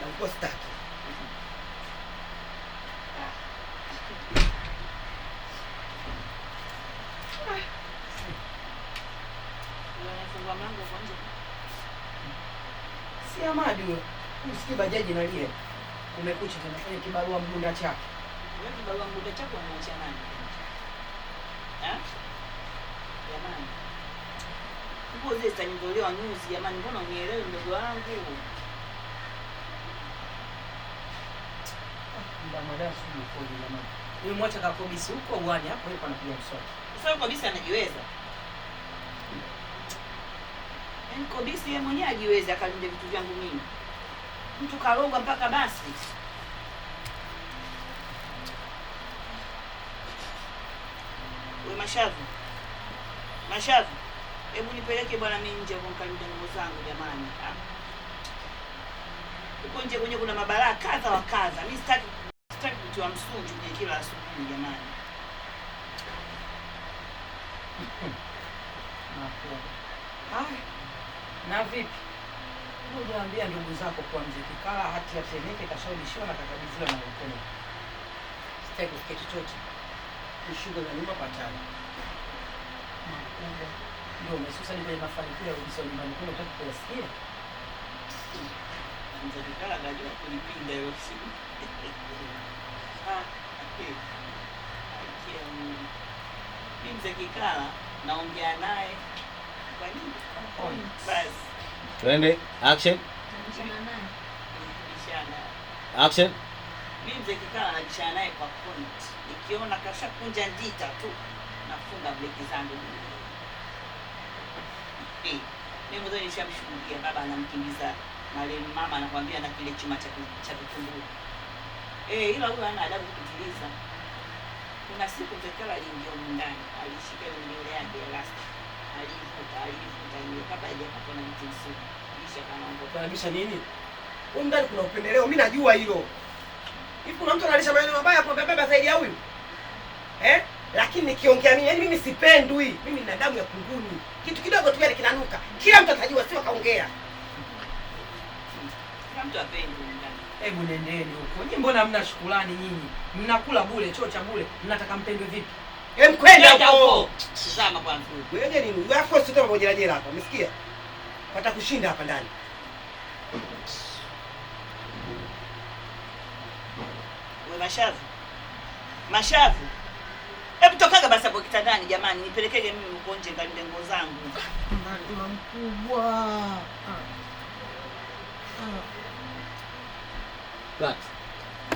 nilikuwa sitaki. Si Amadi huyo, msikii bajaji nalie, kumekucha tunafanya kibarua mgunda chake. kibarua mgunda chako unaacha nani? Eh? Jamani. Nguo zile zitanyondolewa nyuzi jamani, mbona unielewe ndugu wangu? Huyu mwacha kakobisi huko uwani hapo yuko anapiga mswaki. Sasa kobisi anajiweza. Yaani kobisi yeye mwenyewe ajiweze akalinda vitu vyangu mimi. Mtu karogwa mpaka basi. We Mashavu. Mashavu. Hebu nipeleke bwana mimi nje kwa kalinda nguo zangu jamani. Ah. Huko nje kwenye kuna mabalaa kadha wa kadha. Mimi sitaki wa msungi kwenye kila asubuhi jamani. Na vipi? Unaambia ndugu zako kwa mzee Kikala hati ya senete kashaulishiwa na kakabidhiwa na mkono. Sitaki kusikia chochote. Kishuga za nyumba patana. Ndio umesusa ni kwenye mafanikio ya kubiso nyumbani kuna utaki kuyasikia. Mzee Kikala anajua kunipinga hiyo siku. mimi mzee Kikala naongea naye kwa nini? Basi twende action, action. Mimi mzee Kikala nabishana naye kwa point, nikiona kasha kunja njita tu nafunga breki zangu. Mimi mwenyewe nishamshughulikia, baba anamkimbiza Marehemu mama, anakwambia na kile chuma cha vitunguu eh, ila huyo hana adabu kutiliza. Kuna siku Zekela aliingia huko ndani, alishika nywele yake elasti, alivuta alivuta nywele kabla haijapata na mtu msuku, kisha kanaondoka. Anabisha nini? Huko ndani kuna upendeleo, mimi najua hilo. Hivi kuna mtu analisha maneno mabaya kwa baba zaidi ya huyu? Eh? Lakini nikiongea mimi, yaani mimi sipendwi. Mimi nina damu ya kunguni. Kitu kidogo tu yale kinanuka. Kila mtu atajua sio kaongea. Kila mtu apendwe hebu nendeni huko nyinyi, mbona hamna shukrani nyinyi? Mnakula bule choo cha bure, mnataka mpendwe vipi? Hem, kwenda huko. Tazama bwana, wewe je nini? Wewe afu sitoka jela jela hapa, umesikia? Pata kushinda hapa ndani. Wewe mashavu. Mashavu. Hebu tokaga basi hapo kitandani jamani, nipelekege mimi mkonje ndio nguo zangu. Mama mkubwa. Right.